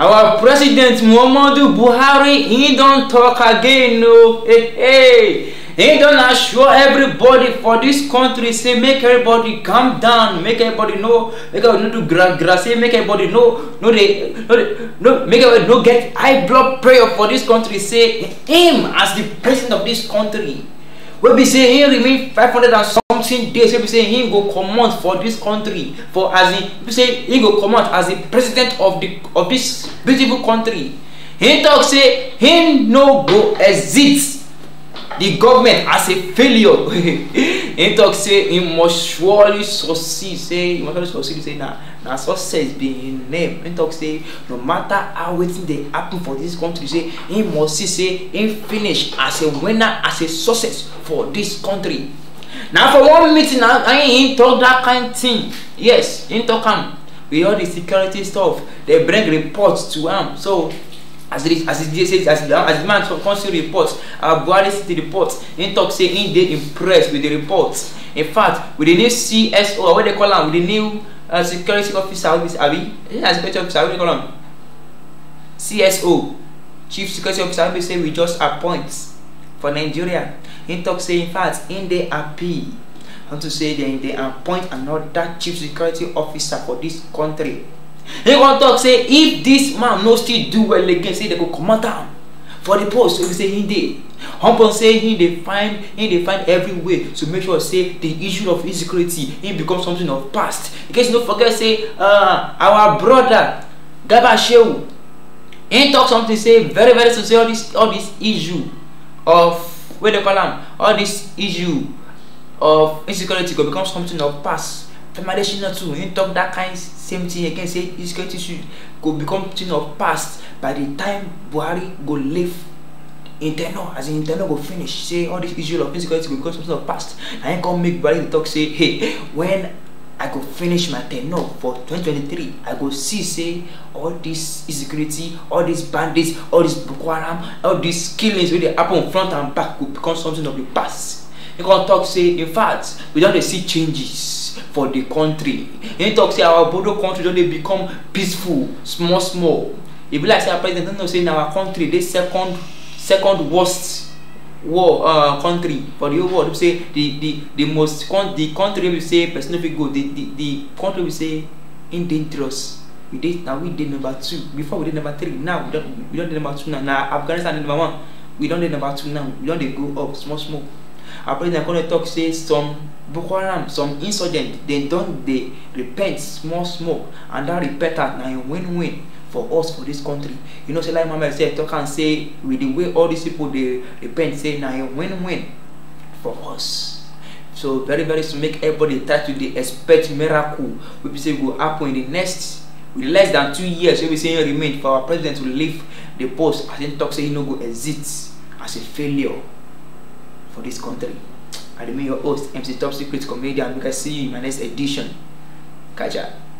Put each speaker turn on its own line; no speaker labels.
our president muhammadu buhari he don talk again o hey, hey. he don assure everybody for dis country say make everybody calm down make everybody no make everybody no do gra gra say make everybody no no dey no dey no make everybody no get high blood pressure for dis country say him as the president of dis country wey be say him remain five hundred and something days wey be say him go comot for dis country for as in be say him go comot as di president of di of dis beautiful country him talk say him no go exit di government as a failure him talk say him must surely succeed say him must surely succeed say na na success be him name him talk say no matter how wetin dey happen for dis country say him must see say him finish as a winner as a success for dis country na for one meeting na him talk dat kind thing yes him talk am with all the security stuff they bring report to am so as the as the say as the as the man council report our buhari city report him talk say him dey impressed with the report in fact with the new cso or what they call am with the new uh, security officer wey be abi is security officer wey they call am cso chief security officer wey say we just appoint for nigeria him talk say in fact him dey happy unto say dem dey appoint another chief security officer for dis country he come talk say if this man no still do well again say they go comot am for the post wey be say him dey upon say he dey find he dey find every way to make sure say the issue of insecurity he become something of past in case you no forget say uh, our brother garba shehu He talk something say very very soon say all this all this issue of wey dem call am all this issue of insecurity go become something of past Madeshina too, he talk that kind same thing again, say his country should go become thing of past by the time Buhari go leave internal as in internal go finish say all this issue of insecurity go become something of past and him come make Buhari talk say hey when I go finish my tenure for 2023 I go see say all this insecurity all these bandits all this Boko Haram all these killings where they happen front and back go become something of the past He come talk say in fact we don dey see changes for di country He talk say our obodo country don dey become peaceful small small e be like say our president don know say na our country dey second second worst war uh, country for the whole world say the the the most con the country wey say person no fit go the the the country wey say in dangerous we dey na we dey number two before we dey number three now we don we don dey number two now na afghanistan dey number one we don dey number two now we don dey go up small small. Après, they're going to talk, say, some Boko Haram, some insurgent, they don't, they repent, small smoke, and that repentance, now win-win for us for this country you know say like mama said talk am say with the way all these people dey repent say na a win-win for us so very very soon make everybody try to dey expect miracle wey be say go happen in the next with less than two years wey be say remain for our president to leave the post as him talk say he no go exit as a failure for this country. I remain your host, MC Top Secret Comedian. We can see you in my next edition. Catch ya.